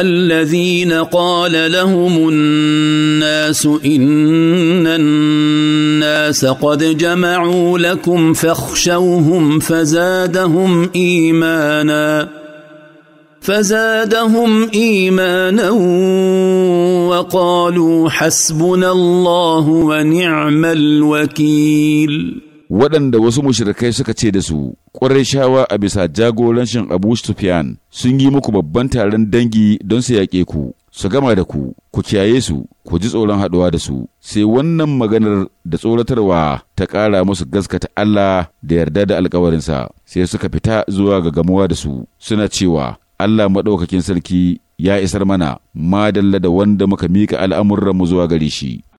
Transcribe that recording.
الذين قال لهم الناس ان الناس قد جمعوا لكم فاخشوهم فزادهم ايمانا فزادهم ايمانا وقالوا حسبنا الله ونعم الوكيل waɗanda wasu mushirikai suka ce da su shawa a bisa jagorancin Abu Sufyan sun yi muku babban taron dangi don su yaƙe ku su gama da ku ku kiyaye su ku ji tsoron haɗuwa da su sai wannan maganar da tsoratarwa ta ƙara musu gaskata Allah da yarda da alkawarinsa sai suka fita zuwa ga gamuwa da su suna cewa Allah maɗaukakin sarki ya isar mana madalla da wanda muka miƙa al'amuranmu zuwa gare shi.